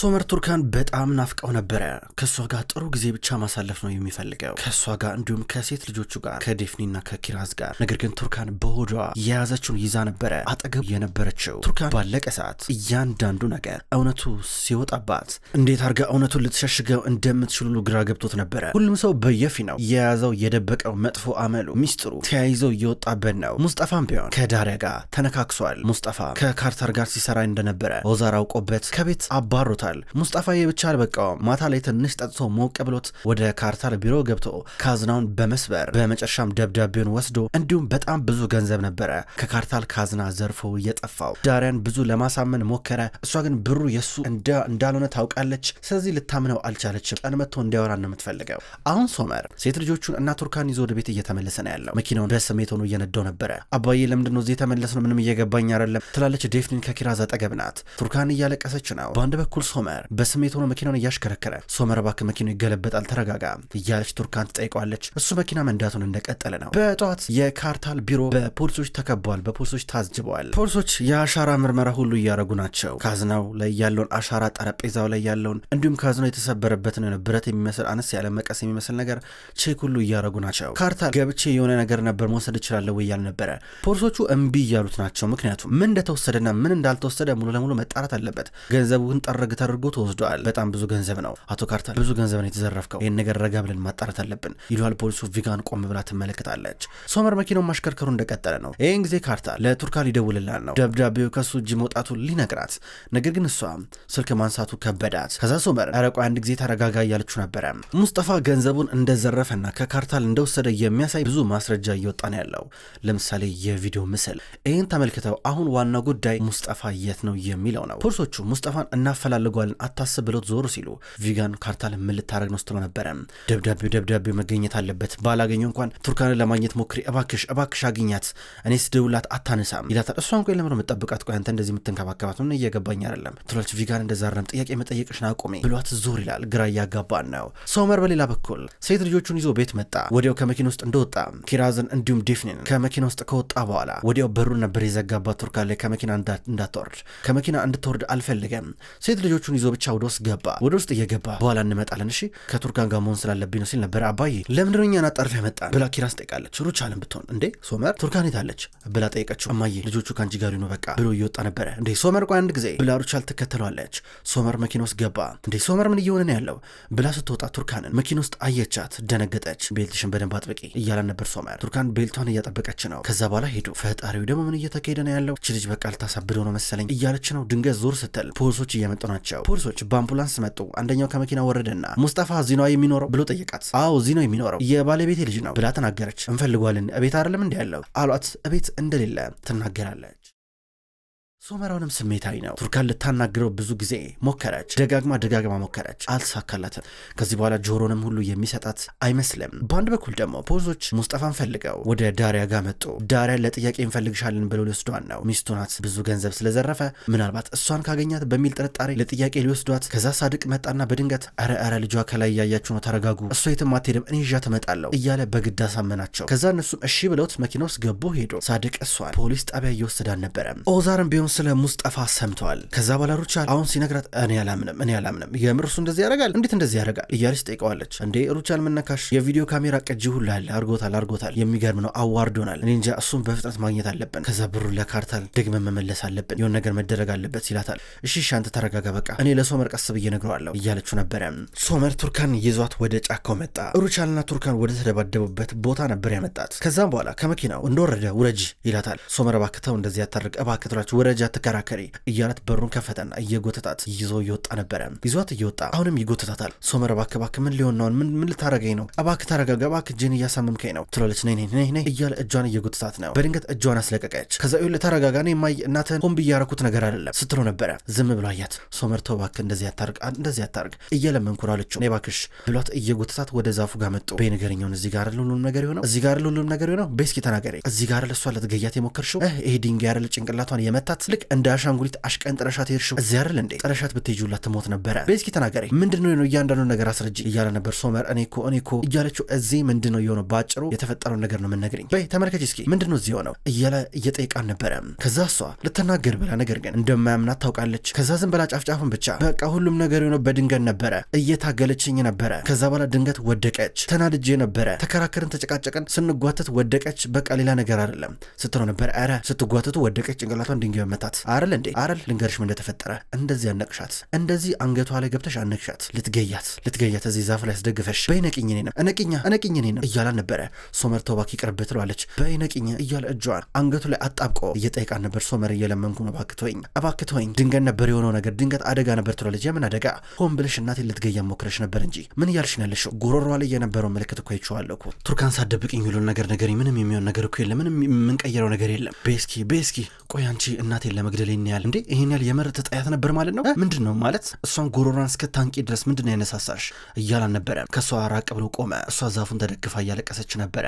ሶመር ቱርካን በጣም ናፍቀው ነበረ። ከእሷ ጋር ጥሩ ጊዜ ብቻ ማሳለፍ ነው የሚፈልገው ከእሷ ጋር እንዲሁም ከሴት ልጆቹ ጋር ከዴፍኒና ከኪራዝ ጋር። ነገር ግን ቱርካን በሆዷ የያዘችውን ይዛ ነበረ። አጠገብ የነበረችው ቱርካን ባለቀ ሰዓት እያንዳንዱ ነገር እውነቱ ሲወጣባት እንዴት አድርጋ እውነቱን ልትሸሽገው እንደምትችሉ ግራ ገብቶት ነበረ። ሁሉም ሰው በየፊ ነው የያዘው የደበቀው መጥፎ አመሉ ሚስጥሩ ተያይዞ እየወጣበት ነው። ሙስጠፋም ቢሆን ከዳሪያ ጋር ተነካክሷል። ሙስጠፋ ከካርተር ጋር ሲሰራ እንደነበረ ወዛር አውቆበት ከቤት አባሮታል። አድርጎታል። ሙስጣፋዬ ብቻ አልበቃውም። ማታ ላይ ትንሽ ጠጥቶ ሞቅ ብሎት ወደ ካርታር ቢሮ ገብቶ ካዝናውን በመስበር በመጨረሻም ደብዳቤውን ወስዶ እንዲሁም በጣም ብዙ ገንዘብ ነበረ ከካርታል ካዝና ዘርፎ እየጠፋው። ዳሪያን ብዙ ለማሳመን ሞከረ። እሷ ግን ብሩ የሱ እንዳልሆነ ታውቃለች። ስለዚህ ልታምነው አልቻለችም። ቀን መጥቶ እንዲያወራ ነው የምትፈልገው። አሁን ሶመር ሴት ልጆቹን እና ቱርካን ይዞ ወደ ቤት እየተመለሰ ነው ያለው። መኪናውን በስሜት ሆኖ እየነዳው ነበረ። አባዬ ለምንድነው ነው እዚህ ነው? ምንም እየገባኝ አይደለም ትላለች። ዴፍኒን ከኪራዝ አጠገብ ናት። ቱርካን እያለቀሰች ነው። በአንድ በኩል ሶመር በስሜት ሆኖ መኪናውን እያሽከረከረ ሶመር እባክህ መኪናው ይገለበጣል ተረጋጋ እያለች ቱርካን ትጠይቀዋለች። እሱ መኪና መንዳቱን እንደቀጠለ ነው። በጠዋት የካርታል ቢሮ በፖሊሶች ተከቧል። በፖሊሶች ታዝበዋል። ፖሊሶች የአሻራ ምርመራ ሁሉ እያደረጉ ናቸው። ካዝናው ላይ ያለውን አሻራ፣ ጠረጴዛው ላይ ያለውን እንዲሁም ካዝናው የተሰበረበትን ብረት የሚመስል አነስ ያለ መቀስ የሚመስል ነገር ቼክ ሁሉ እያደረጉ ናቸው። ካርታል ገብቼ የሆነ ነገር ነበር መውሰድ እችላለሁ ወይ እያል ነበረ። ፖሊሶቹ እምቢ እያሉት ናቸው። ምክንያቱም ምን እንደተወሰደና ምን እንዳልተወሰደ ሙሉ ለሙሉ መጣራት አለበት። ገንዘቡን ጠረግተ አድርጎ ተወስደዋል። በጣም ብዙ ገንዘብ ነው አቶ ካርተር፣ ብዙ ገንዘብ ነው የተዘረፍከው። ይህን ነገር ረጋ ብለን ማጣራት አለብን ይለዋል ፖሊሱ። ቪጋን ቆም ብላ ትመለከታለች። ሶመር መኪናው ማሽከርከሩ እንደቀጠለ ነው። ይህን ጊዜ ካርተር ለቱርካ ሊደውልላል ነው፣ ደብዳቤው ከሱ እጅ መውጣቱ ሊነግራት። ነገር ግን እሷ ስልክ ማንሳቱ ከበዳት። ከዛ ሶመር ረቆ አንድ ጊዜ ተረጋጋ እያለችው ነበረ። ሙስጠፋ ገንዘቡን እንደዘረፈና ከካርታል እንደወሰደ የሚያሳይ ብዙ ማስረጃ እየወጣ ነው ያለው። ለምሳሌ የቪዲዮ ምስል። ይህን ተመልክተው አሁን ዋና ጉዳይ ሙስጠፋ የት ነው የሚለው ነው። ፖሊሶቹ ሙስጠፋን እናፈላልጓ አድርጓል አታስብ ብሎት ዞሩ ሲሉ ቪጋን ካርታል ምን ልታደረግ ነው ስትሎ ነበረ። ደብዳቤው ደብዳቤው መገኘት አለበት። ባላገኘው እንኳን ቱርካንን ለማግኘት ሞክሪ እባክሽ፣ እባክሽ አግኛት። እኔ ስደውላት አታነሳም ይላታል። እሷ እንኳ ለምነው መጠብቃት ቆይ አንተ እንደዚህ የምትንከባከባት ሆነ እየገባኝ አይደለም ትሎች ቪጋን እንደዛ ረም ጥያቄ መጠየቅሽን አቁሜ ብሏት ዞር ይላል። ግራ እያጋባን ነው። ሶመር በሌላ በኩል ሴት ልጆቹን ይዞ ቤት መጣ። ወዲያው ከመኪና ውስጥ እንደወጣ ኪራዝን እንዲሁም ዲፍኒን ከመኪና ውስጥ ከወጣ በኋላ ወዲያው በሩን ነበር የዘጋባት ቱርካን ላይ ከመኪና እንዳትወርድ ከመኪና እንድትወርድ አልፈልገም ሴት ልጆ ልጆቹን ይዞ ብቻ ወደ ውስጥ ገባ። ወደ ውስጥ እየገባ በኋላ እንመጣለን እሺ፣ ከቱርካን ጋር መሆን ስላለብኝ ነው ሲል ነበር። አባዬ ለምንድነው እኛን አጣርፍ ያመጣን ብላ ኪራን ትጠይቃለች። ሩቻልን ብትሆን እንዴ ሶመር ቱርካን የት አለች ብላ ጠየቀችው። እማዬ ልጆቹ ከአንቺ ጋር ሊኖ በቃ ብሎ እየወጣ ነበረ። እንዴ ሶመር ቆይ አንድ ጊዜ ብላ ሩቻል ትከተለዋለች። ሶመር መኪና ውስጥ ገባ። እንዴ ሶመር ምን እየሆነ ነው ያለው ብላ ስትወጣ ቱርካንን መኪና ውስጥ አየቻት፣ ደነገጠች። ቤልትሽን በደንብ አጥብቂ እያላን ነበር ሶመር። ቱርካን ቤልቷን እያጠበቀች ነው። ከዛ በኋላ ሄዱ። ፈጣሪው ደግሞ ምን እየተካሄደ ነው ያለው? እች ልጅ በቃ ልታሳብደው ነው መሰለኝ እያለች ነው። ድንገት ዞር ስትል ፖሊሶች እየመጡ ናቸው። ናቸው። ፖሊሶች በአምቡላንስ መጡ። አንደኛው ከመኪና ወረደና ሙስጠፋ እዚህ ነው የሚኖረው ብሎ ጠየቃት። አዎ እዚህ ነው የሚኖረው የባለቤቴ ልጅ ነው ብላ ተናገረች። እንፈልጓልን እቤት አይደለም እንዲ ያለው አሏት። እቤት እንደሌለ ትናገራለች። ሶመራውንም ስሜታዊ ነው። ቱርካን ልታናግረው ብዙ ጊዜ ሞከረች፣ ደጋግማ ደጋግማ ሞከረች፣ አልተሳካላትም። ከዚህ በኋላ ጆሮንም ሁሉ የሚሰጣት አይመስልም። በአንድ በኩል ደግሞ ፖዞች ሙስጠፋን ፈልገው ወደ ዳሪያ ጋር መጡ። ዳሪያ ለጥያቄ እንፈልግሻለን ብለው ሊወስዷን ነው። ሚስቱ ናት፣ ብዙ ገንዘብ ስለዘረፈ ምናልባት እሷን ካገኛት በሚል ጥርጣሬ ለጥያቄ ሊወስዷት። ከዛ ሳድቅ መጣና በድንገት ኧረ ኧረ ልጇ ከላይ እያያችሁ ነው፣ ተረጋጉ፣ እሷ የትም አትሄድም፣ እኔ ይዣት እመጣለሁ እያለ በግድ አሳመናቸው። ከዛ እነሱም እሺ ብለውት መኪና ውስጥ ገቡ፣ ሄዱ። ሳድቅ እሷን ፖሊስ ጣቢያ እየወሰደ አልነበረም። ኦዛርም ቢሆን አሁን ስለ ሙስጠፋ ሰምተዋል። ከዛ በኋላ ሩቻል አሁን ሲነግራት እኔ ያላምንም እኔ ያላምንም የምር እሱ እንደዚህ ያደርጋል እንዴት እንደዚህ ያደርጋል እያለች ጠይቀዋለች። እንዴ ሩቻል ምነካሽ የቪዲዮ ካሜራ ቅጂ ሁሉ አለ አርጎታል አርጎታል የሚገርም ነው አዋርዶናል። እኔ እንጃ እሱን በፍጥነት ማግኘት አለብን። ከዛ ብሩ ለካርታል ደግመን መመለስ አለብን። የሆን ነገር መደረግ አለበት ይላታል። እሺ እሺ አንተ ተረጋጋ በቃ እኔ ለሶመር ቀስ ብዬ ነግረዋለሁ እያለችው ነበረ። ሶመር ቱርካን ይዟት ወደ ጫካው መጣ። ሩቻልና ቱርካን ወደ ተደባደቡበት ቦታ ነበር ያመጣት። ከዛም በኋላ ከመኪናው እንደወረደ ውረጅ ይላታል። ሶመር እባክተው እንደዚህ ያታርቅ እባክትላችሁ ውረጅ ደረጃ ትከራከሪ እያላት በሩን ከፈተና እየጎተታት ይዞ እየወጣ ነበረ። ይዟት እየወጣ አሁንም ይጎተታታል። ሶመር እባክህ እባክህ ምን ሊሆን ነው? ምን ምን ልታረገኝ ነው? እባክህ ተረጋጋ፣ እባክህ እጄን እያሳመምከኝ ነው ትላለች። ነይ ነይ ነይ እያለ እጇን እየጎተታት ነው። በድንገት እጇን አስለቀቀች። ከዛ ይኸውልህ ተረጋጋ፣ እኔ ማይ እናትህን ሆን ብዬ ያደረኩት ነገር አይደለም ስትሎ ነበረ። ዝም ብሎ አያት። ሶመር ተው እባክህ፣ እንደዚህ አታርግ፣ እንደዚህ አታርግ እያለ መንኩራለች። ነይ እባክሽ ብሏት እየጎተታት ወደ ዛፉ ጋር መጡ። በይ ንገረኛውን፣ እዚህ ጋር ሁሉም ነገር የሆነው እዚህ ጋር ሁሉም ነገር የሆነው በይ እስኪ ተናገሪ፣ እዚህ ጋር ለሷ ልትገያት የሞከርሽው ይሄ ድንጋይ አይደል ጭንቅላቷን የመታት ልክ እንደ አሻንጉሊት አሽቀንጥረሻት ሄድሽ እዚያ አይደል እንዴ? ጥረሻት ብትሄጂላት ትሞት ነበረ። ቤዝኪ ተናገሪ ምንድን ነው እያንዳንዱ ነገር አስረጅ እያለ ነበር ሶመር። እኔ እኮ እኔ እኮ እያለችው እዚህ ምንድን ነው የሆነው? በአጭሩ የተፈጠረውን ነገር ነው የምንነግርኝ። በይ ተመልከች እስኪ ምንድን ነው እዚህ የሆነው እያለ እየጠየቃን ነበረ። ከዛ እሷ ልትናገር ብላ ነገር ግን እንደማያምናት ታውቃለች። ከዛ ዝም ብላ ጫፍጫፍን ብቻ በቃ ሁሉም ነገር የሆነው በድንገት ነበረ። እየታገለችኝ ነበረ። ከዛ በኋላ ድንገት ወደቀች። ተናድጄ ነበረ። ተከራከርን፣ ተጨቃጨቅን፣ ስንጓተት ወደቀች። በቃ ሌላ ነገር አይደለም ስትለው ነበር። ኧረ ስትጓተቱ ወደቀች። ጭንቅላቷን ድንጋይ አቃታት። አረል እንዴ አረል ልንገርሽ ምን እንደተፈጠረ። እንደዚህ አነቅሻት፣ እንደዚህ አንገቷ ላይ ገብተሽ አነቅሻት። ልትገያት ልትገያት እዚህ ዛፍ ላይ አስደግፈሽ በይ ነቅኝ፣ እኔንም እነቅኛ እነቅኝ፣ እኔንም እያላን ነበረ። ሶመር ተውባክ ይቅርብ ትለዋለች። በይ ነቅኝ እያለ እጇን አንገቱ ላይ አጣብቆ እየጠየቃን ነበር። ሶመር እየለመንኩ ነው፣ እባክህ ተወኝ፣ እባክህ ተወኝ፣ ድንገት ነበር የሆነው ነገር፣ ድንገት አደጋ ነበር ትለዋለች። የምን አደጋ? ሆን ብለሽ እናቴን ልትገያ ሞክረሽ ነበር እንጂ ምን እያልሽ ነው ያለሽው? ጉሮሯ ላይ የነበረው ምልክት እኮ ይችዋለሁ እኮ ቱርካን ሳትደብቅኝ ሁሉን ነገር ነገር ምንም የሚሆን ነገር እኮ የለም፣ ምንም የምንቀይረው ነገር የለም። ቤስኪ ቤስኪ፣ ቆይ አንቺ እናቴ እናቴን ለመግደል ይህን ያህል እንዴ? ይህን ያህል የመረጥ ጣያት ነበር ማለት ነው። ምንድን ነው ማለት እሷን ጎሮሯን እስከ ታንቂ ድረስ ምንድን ነው ያነሳሳሽ እያላን ነበረ። ከእሷ ራቅ ብሎ ቆመ። እሷ ዛፉን ተደግፋ እያለቀሰች ነበረ።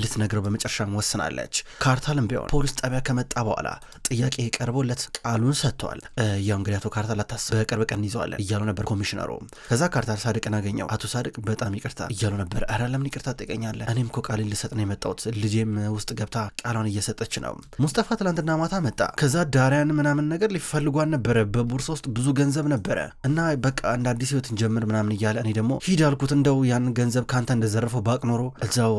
ልትነግረው በመጨረሻም ወስናለች። ካርታልም ቢሆን ፖሊስ ጣቢያ ከመጣ በኋላ ጥያቄ ቀርቦለት ቃሉን ሰጥተዋል። ያው እንግዲህ አቶ ካርታል አታስብ፣ በቅርብ ቀን እንይዘዋለን እያሉ ነበር ኮሚሽነሩ። ከዛ ካርታል ሳድቅን አገኘው። አቶ ሳድቅ በጣም ይቅርታ እያሉ ነበር። ኧረ ለምን ይቅርታ ትጠይቀኛለህ? እኔም እኮ ቃሌን ልሰጥ ነው የመጣሁት። ልጄም ውስጥ ገብታ ቃሏን እየሰጠች ነው። ሙስጠፋ ትላንትና ማታ መጣ። ከዛ ዳ መሳሪያን ምናምን ነገር ሊፈልጓን ነበረ። በቡርሳ ውስጥ ብዙ ገንዘብ ነበረ እና በቃ እንደ አዲስ ህይወት እንጀምር ምናምን እያለ እኔ ደግሞ ሂድ አልኩት። እንደው ያን ገንዘብ ከአንተ እንደዘረፈው ባቅ ኖሮ እዛው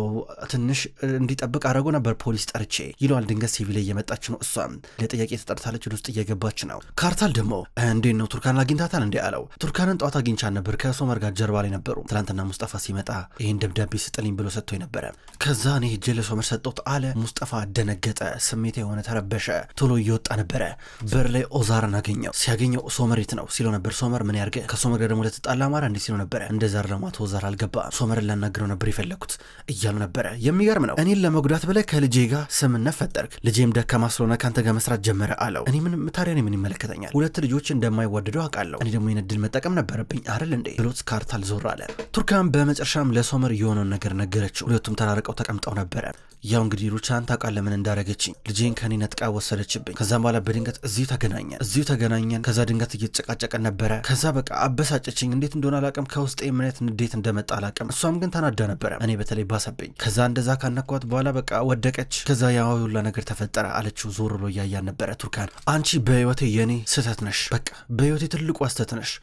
ትንሽ እንዲጠብቅ አድረጎ ነበር ፖሊስ ጠርቼ ይለዋል። ድንገት ሲቪላ እየመጣች ነው። እሷም ለጥያቄ ተጠርታለች። ወደ ውስጥ እየገባች ነው። ካርታል ደግሞ እንዴት ነው ቱርካን አግኝታታል እንዴ አለው። ቱርካንን ጠዋት አግኝቻ ነበር። ከሶመር ጋር ጀርባ ላይ ነበሩ። ትናንትና ሙስጠፋ ሲመጣ ይህን ደብዳቤ ስጥልኝ ብሎ ሰጥቶ ነበረ። ከዛ እኔ ሄጄ ለሶመር ሰጠሁት አለ። ሙስጠፋ ደነገጠ። ስሜቴ የሆነ ተረበሸ። ቶሎ እየወጣ ነበር ነበረ። በር ላይ ኦዛርን አገኘው። ሲያገኘው ሶመሪት ነው ሲለው ነበር። ሶመር ምን ያርገ ከሶመር ጋር ደግሞ ለተጣላ አማራ እንዲህ ሲለው ነበረ። እንደ ዛር ለማት ኦዛር አልገባም። ሶመርን ላናግረው ነበር የፈለግኩት እያሉ ነበረ። የሚገርም ነው። እኔን ለመጉዳት ብለህ ከልጄ ጋር ስምነት ፈጠርክ። ልጄም ደካማ ስለሆነ ከአንተ ጋር መስራት ጀመረ አለው። እኔ ምን ታዲያ ምን ይመለከተኛል? ሁለት ልጆች እንደማይወደደው አውቃለሁ። እኔ ደግሞ የነድል መጠቀም ነበረብኝ አይደል እንዴ ብሎት ካርታል ዞር አለ። ቱርካን በመጨረሻም ለሶመር የሆነውን ነገር ነገረችው። ሁለቱም ተራርቀው ተቀምጠው ነበረ። ያው እንግዲህ ሩቻን ታውቃለህ ምን እንዳረገችኝ፣ ልጄን ከኔ ነጥቃ ወሰደችብኝ። ከዛም በኋላ በድንገት እዚሁ ተገናኘን እዚሁ ተገናኘን። ከዛ ድንገት እየተጨቃጨቀን ነበረ። ከዛ በቃ አበሳጨችኝ። እንዴት እንደሆነ አላቅም። ከውስጤ ምን አይነት ንዴት እንደመጣ አላቅም። እሷም ግን ተናዳ ነበረ፣ እኔ በተለይ ባሰብኝ። ከዛ እንደዛ ካነኳት በኋላ በቃ ወደቀች። ከዛ ያው ሁላ ነገር ተፈጠረ አለችው። ዞር ብሎ እያያን ነበረ። ቱርካን አንቺ በህይወቴ የኔ ስህተት ነሽ፣ በቃ በህይወቴ ትልቁ ስህተት ነሽ።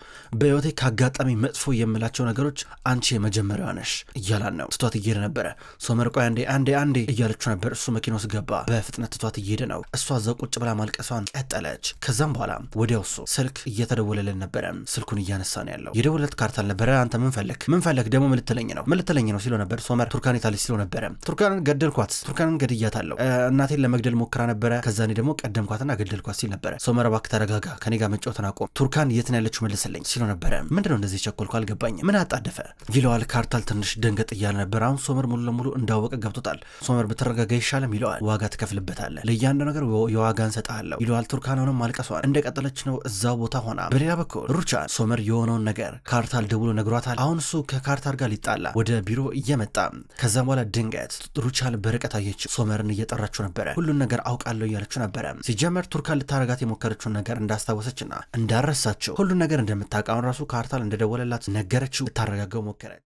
በህይወቴ ካጋጣሚ መጥፎ የምላቸው ነገሮች አንቺ የመጀመሪያ ነሽ እያላን ነው። ስቷት እየሄደ ነበረ። ሶመር ቆይ አንዴ አንዴ አንዴ እያለችው ነበር። እሱ መኪና ውስጥ ገባ። በፍጥነት ትቷት እየሄደ ነው። እሷ እዛ ቁጭ ብላ ማልቀሷን ቀጠለች። ከዛም በኋላ ወዲያው እሱ ስልክ እየተደወለልን ነበረ። ስልኩን እያነሳ ነው ያለው። የደወለት ካርታ አልነበረ። አንተ ምን ፈለግ ምን ፈለግ ደግሞ ምን ልትለኝ ነው ምን ልትለኝ ነው ሲለው ነበር። ሶመር ቱርካን የታለች ሲለው ነበረ። ቱርካንን ገደልኳት፣ ቱርካንን ገድያታለሁ። እናቴን ለመግደል ሞክራ ነበረ። ከዛ እኔ ደግሞ ቀደምኳትና ገደልኳት ሲል ነበረ። ሶመር እባክህ ተረጋጋ፣ ከኔ ጋር መጫወትን አቆም፣ ቱርካን የት ነው ያለችው መልስልኝ ሲለው ነበረ። ምንድነው እንደዚህ ቸኮልኩ? አልገባኝ። ምን አጣደፈ ይለዋል። ካርታል ትንሽ ደንገጥ እያለ ነበር። አሁን ሶመር ሙሉ ለሙሉ እንዳወቀ ገብቶታል። ሶመር ብትረጋጋ ይሻለም ይለዋል። ዋጋ ትከፍልበታለህ፣ ለእያንዳንዱ ነገር የዋጋ እንሰጥሃለሁ ይለዋል። ቱርካናውንም ማልቀሷን እንደቀጠለች ነው እዛው ቦታ ሆና። በሌላ በኩል ሩቻን ሶመር የሆነውን ነገር ካርታል ደውሎ ነግሯታል። አሁን እሱ ከካርታል ጋር ሊጣላ ወደ ቢሮ እየመጣ ከዛም በኋላ ድንገት ሩቻን በርቀት አየች። ሶመርን እየጠራችው ነበረ፣ ሁሉን ነገር አውቃለሁ እያለችው ነበረ። ሲጀመር ቱርካን ልታረጋት የሞከረችውን ነገር እንዳስታወሰችና እንዳረሳችው ሁሉን ነገር እንደምታውቃውን ራሱ ካርታል እንደደወለላት ነገረችው። ልታረጋገው ሞከረች።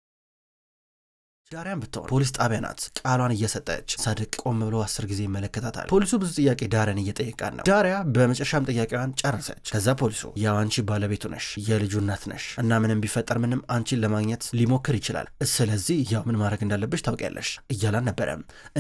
ዳሪያን ብትሆን ፖሊስ ጣቢያ ናት። ቃሏን እየሰጠች ሳድቅ ቆም ብሎ አስር ጊዜ ይመለከታታል። ፖሊሱ ብዙ ጥያቄ ዳሪያን እየጠየቃን ነው። ዳሪያ በመጨረሻም ጥያቄዋን ጨረሰች። ከዛ ፖሊሱ ያው አንቺ ባለቤቱ ነሽ፣ የልጁ እናት ነሽ እና ምንም ቢፈጠር ምንም አንቺን ለማግኘት ሊሞክር ይችላል። ስለዚህ ያው ምን ማድረግ እንዳለብሽ ታውቂያለሽ እያላን ነበረ።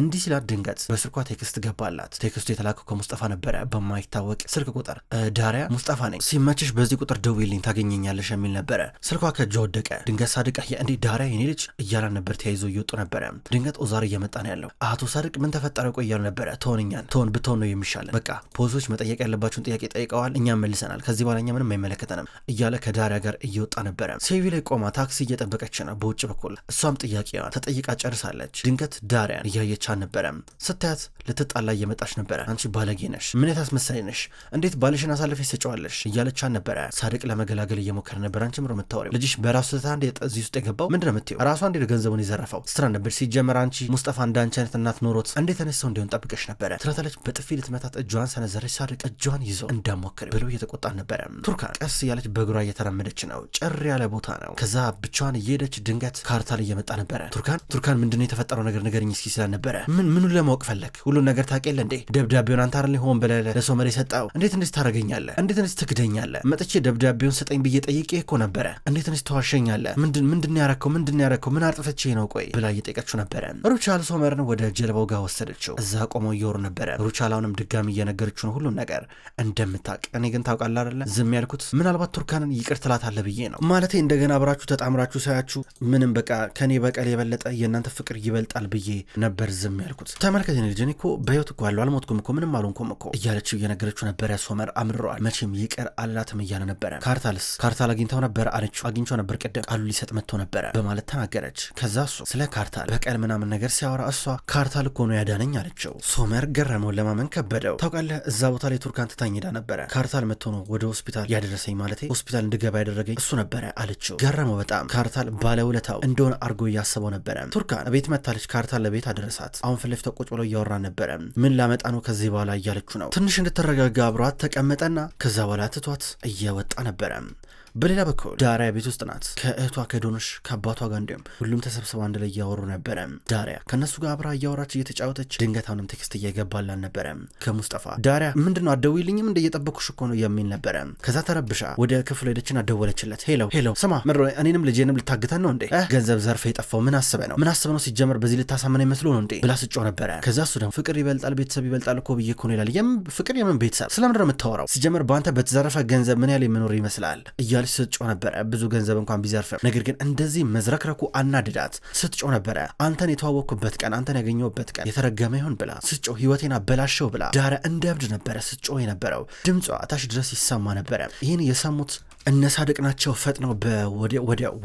እንዲህ ሲላት ድንገት በስልኳ ቴክስት ገባላት። ቴክስቱ የተላከው ከሙስጠፋ ነበረ በማይታወቅ ስልክ ቁጥር። ዳሪያ ሙስጠፋ ነኝ፣ ሲመችሽ በዚህ ቁጥር ደውይልኝ ታገኘኛለሽ የሚል ነበረ። ስልኳ ከእጇ ወደቀ። ድንገት ሳድቃ የእንዴ ዳሪያ የኔ ልጅ እያላን ነበር ተያይዘ ይዞ እየወጡ ነበረ። ድንገት ኦዛር እየመጣ ነው ያለው። አቶ ሳድቅ ምን ተፈጠረ? ቆይ እያሉ ነበረ። ተሆንኛን ተሆን ብትሆን ነው የሚሻለን። በቃ ፖሊሶች መጠየቅ ያለባቸውን ጥያቄ ጠይቀዋል፣ እኛ መልሰናል። ከዚህ በኋላ እኛ ምንም አይመለከተንም እያለ ከዳሪያ ጋር እየወጣ ነበረ። ሴቪ ላይ ቆማ ታክሲ እየጠበቀች ነው በውጭ በኩል። እሷም ጥያቄዋን ተጠይቃ ጨርሳለች። ድንገት ዳሪያን እያየች ነበረ። ስታያት ልትጣላ እየመጣች ነበረ። አንቺ ባለጌ ነሽ፣ ምን አስመሳይ ነሽ፣ እንዴት ባልሽን አሳልፈሽ ይሰጨዋለሽ እያለች ነበረ። ሳድቅ ለመገላገል እየሞከረ ነበር። አንቺ ምሮ የምታወሪው ልጅሽ በራሱ ስህተት እንዴት እዚህ ውስጥ የገባው ምንድን ነው የምትይው? ራሷ እንዴ ገንዘቡን ይዘራል ያሸነፈው። ስራ ነበር ሲጀመር አንቺ ሙስጠፋ እንዳንቺ አይነት እናት ኖሮት እንዴት ተነሳው እንዲሆን ጠብቀሽ ነበረ ትላታለች። በጥፊ ልትመታት እጇን ሰነዘረች። ሳድቅ እጇን ይዞ እንዳሞክር ብሎ እየተቆጣ ነበረ። ቱርካን ቀስ እያለች በእግሯ እየተራመደች ነው። ጭር ያለ ቦታ ነው። ከዛ ብቻዋን እየሄደች ድንገት ካርታል እየመጣ ነበረ። ቱርካን ቱርካን ምንድነው የተፈጠረው ነገር ንገረኝ እስኪ ስላል ነበረ። ምን ምኑን ለማወቅ ፈለግ? ሁሉን ነገር ታውቂያለህ እንዴ? ደብዳቤውን አንተ አይደል ሆን ብለህ ለሶመር የሰጠው? እንዴት እንደዚህ ታደርገኛለህ? እንዴት እንደዚህ ትክደኛለህ? መጥቼ ደብዳቤውን ሰጠኝ ብዬ ጠይቄ እኮ ነበረ። እንዴት እንደዚህ ተዋሸኛለህ? ምንድን ምንድን ያረከው? ምንድን ያረከው? ምን አጥፍቼ ነው? ወይ ብላ እየጠየቀችው ነበረ። ሩቻል ሶመርን ወደ ጀልባው ጋር ወሰደችው። እዛ ቆመው እየወሩ ነበረ። ሩቻል አሁንም ድጋሚ እየነገረችው ነው ሁሉን ነገር እንደምታውቅ። እኔ ግን ታውቃለህ አይደለ ዝም ያልኩት ምናልባት ቱርካንን ይቅር ትላታለህ ብዬ ነው። ማለቴ እንደገና አብራችሁ ተጣምራችሁ ሳያችሁ ምንም በቃ ከኔ በቀል የበለጠ የእናንተ ፍቅር ይበልጣል ብዬ ነበር ዝም ያልኩት። ተመልከት ልጅን እኮ በህይወት እኮ አለው አልሞትኩም እኮ ምንም አልሆንኩም እኮ እያለችው እየነገረችው ነበረ። ሶመር አምርረዋል መቼም ይቅር አላትም እያለ ነበረ። ካርታልስ ካርታል አግኝተው ነበር አለችው። አግኝቸው ነበር ቅድም ቃሉ ሊሰጥ መጥቶ ነበረ በማለት ተናገረች። ከዛ እሱ ስለ ካርታል በቀል ምናምን ነገር ሲያወራ እሷ ካርታል እኮ ነው ያዳነኝ አለችው። ሶመር ገረመውን ለማመን ከበደው። ታውቃለህ እዛ ቦታ ላይ ቱርካን ትታኝ ሄዳ ነበረ። ካርታል መጥቶ ነው ወደ ሆስፒታል ያደረሰኝ ማለት ሆስፒታል እንድገባ ያደረገኝ እሱ ነበረ አለችው። ገረመው በጣም ካርታል ባለውለታው እንደሆነ አድርጎ እያስበው ነበረ። ቱርካን ቤት መታለች። ካርታል ለቤት አደረሳት። አሁን ፊት ለፊት ተቆጭ ብለው እያወራ ነበረ። ምን ላመጣ ነው ከዚህ በኋላ እያለችው ነው። ትንሽ እንድትረጋጋ አብሯት ተቀመጠና ከዛ በኋላ ትቷት እየወጣ ነበረ። በሌላ በኩል ዳሪያ ቤት ውስጥ ናት። ከእህቷ ከዶኖሽ ከአባቷ ጋር እንዲሁም ሁሉም ተሰብስበው አንድ ላይ እያወሩ ነበረ። ዳሪያ ከእነሱ ጋር አብራ እያወራች እየተጫወተች ድንገት አሁንም ቴክስት እየገባላን ነበረ ከሙስጠፋ። ዳሪያ ምንድነው አትደውይልኝም እንደ እየጠበኩሽ እኮ ነው የሚል ነበረ። ከዛ ተረብሻ ወደ ክፍሉ ሄደችና ደወለችለት። ሄለው ሄለው፣ ስማ ምሮ እኔንም ልጄንም ልታግተን ነው እንዴ? ገንዘብ ዘርፈ የጠፋው ምን አስበ ነው ምን አስበ ነው ሲጀመር በዚህ ልታሳመን ይመስሉ ነው እንዴ ብላ ስጮ ነበረ። ከዛ እሱ ደግሞ ፍቅር ይበልጣል ቤተሰብ ይበልጣል እኮ ብዬ እኮ ነው ይላል። ፍቅር የምን ቤተሰብ ነው የምታወራው? ሲጀመር በአንተ በተዘረፈ ገንዘብ ምን ያህል የምኖር ይመስላል እያለ እያለች ስትጮ ነበረ። ብዙ ገንዘብ እንኳን ቢዘርፍም ነገር ግን እንደዚህ መዝረክረኩ አናድዳት። ስትጮ ነበረ አንተን የተዋወቅኩበት ቀን አንተን ያገኘሁበት ቀን የተረገመ ይሁን ብላ ስጮ ህይወቴን አበላሸው ብላ ዳረ እንደ እብድ ነበረ ስትጮ የነበረው ድምጿ ታች ድረስ ይሰማ ነበረ። ይህን የሰሙት እነሳድቅ ናቸው ፈጥነው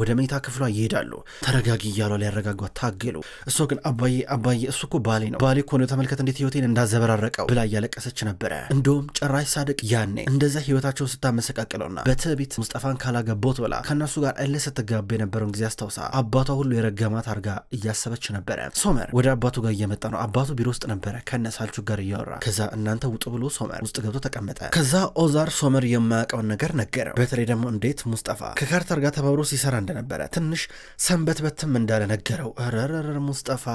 ወደ መኝታ ክፍሏ ይሄዳሉ። ተረጋጊ እያሏ ሊያረጋጓት ታገሉ። እሷ ግን አባዬ አባዬ፣ እሱ እኮ ባሌ ነው ባሌ እኮ ነው፣ ተመልከት እንዴት ህይወቴን እንዳዘበራረቀው ብላ እያለቀሰች ነበረ። እንደውም ጭራሽ ሳድቅ ያኔ እንደዛ ህይወታቸውን ስታመሰቃቅለውና በትዕቢት ሙስጠፋን ካላገቦት ብላ ከእነሱ ጋር አለ ስትጋባ የነበረውን ጊዜ አስታውሳ አባቷ ሁሉ የረገማት አርጋ እያሰበች ነበረ። ሶመር ወደ አባቱ ጋር እየመጣ ነው። አባቱ ቢሮ ውስጥ ነበረ ከነሳልቹ ጋር እያወራ። ከዛ እናንተ ውጡ ብሎ ሶመር ውስጥ ገብቶ ተቀመጠ። ከዛ ኦዛር ሶመር የማያውቀውን ነገር ነገረው። በተለይ ደግሞ እንዴት ሙስጠፋ ከካርተር ጋር ተባብሮ ሲሰራ እንደነበረ ትንሽ ሰንበት በትም እንዳለ ነገረው። ረረረ ሙስጠፋ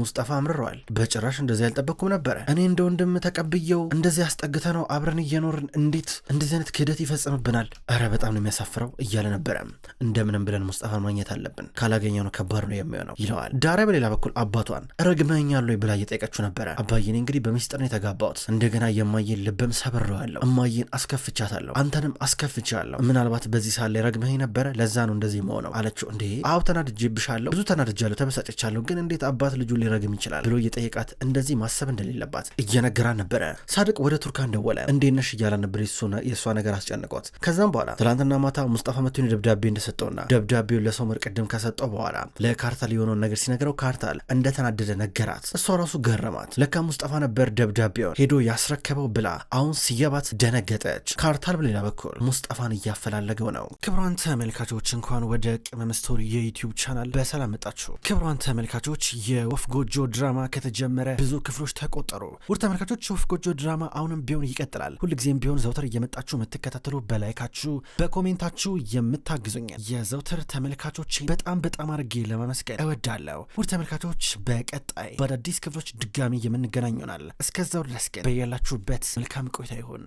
ሙስጠፋ አምርረዋል። በጭራሽ እንደዚህ ያልጠበቅኩም ነበረ። እኔ እንደ ወንድም ተቀብየው እንደዚህ አስጠግተ ነው አብረን እየኖርን እንዴት እንደዚህ አይነት ክህደት ይፈጽምብናል? እረ በጣም ነው የሚያሳፍረው እያለ ነበረ። እንደምንም ብለን ሙስጠፋን ማግኘት አለብን፣ ካላገኘ ነው ከባድ ነው የሚሆነው ይለዋል። ዳሪያ በሌላ በኩል አባቷን ረግመኛሉ ብላ እየጠየቀችው ነበረ። አባዬን እንግዲህ በሚስጥር ነው የተጋባሁት። እንደገና የማየን ልብም ሰብረዋለሁ። እማየን አስከፍቻታለሁ፣ አንተንም አስከፍቻለሁ ምናልባት በዚህ ሳለ ረግመኸኝ ነበረ፣ ለዛ ነው እንደዚህ መሆነው አለችው። እንዴ አዎ ተናድጄብሻለሁ፣ ብዙ ተናድጃለሁ፣ ተበሳጨቻለሁ፣ ግን እንዴት አባት ልጁ ሊረግም ይችላል ብሎ እየጠየቃት እንደዚህ ማሰብ እንደሌለባት እየነገራን ነበረ። ሳድቅ ወደ ቱርካን ደወለ። እንዴት ነሽ እያላን ነበር። የእሷ ነገር አስጨንቆት ከዛም በኋላ ትላንትና ማታ ሙስጣፋ መቱን ደብዳቤ እንደሰጠውና ደብዳቤውን ለሶመር ቅድም ከሰጠው በኋላ ለካርታል የሆነውን ነገር ሲነግረው ካርታል እንደተናደደ ነገራት። እሷ ራሱ ገረማት። ለካ ሙስጣፋ ነበር ደብዳቤውን ሄዶ ያስረከበው ብላ አሁን ሲየባት ደነገጠች። ካርታል በሌላ በኩል ሙስጣፋን እያፈ እያፈላለገው ነው። ክብሯን ተመልካቾች እንኳን ወደ ቅመም ስቶሪ የዩቲዩብ ቻናል በሰላም መጣችሁ። ክብሯን ተመልካቾች የወፍ ጎጆ ድራማ ከተጀመረ ብዙ ክፍሎች ተቆጠሩ። ውድ ተመልካቾች የወፍ ጎጆ ድራማ አሁንም ቢሆን ይቀጥላል። ሁልጊዜም ቢሆን ዘውትር እየመጣችሁ የምትከታተሉ በላይካችሁ፣ በኮሜንታችሁ የምታግዙኝ የዘውትር ተመልካቾች በጣም በጣም አድርጌ ለማመስገን እወዳለሁ። ውድ ተመልካቾች በቀጣይ በአዳዲስ ክፍሎች ድጋሚ የምንገናኝ ይሆናል። እስከዛው ድረስ ግን በያላችሁበት መልካም ቆይታ ይሁን።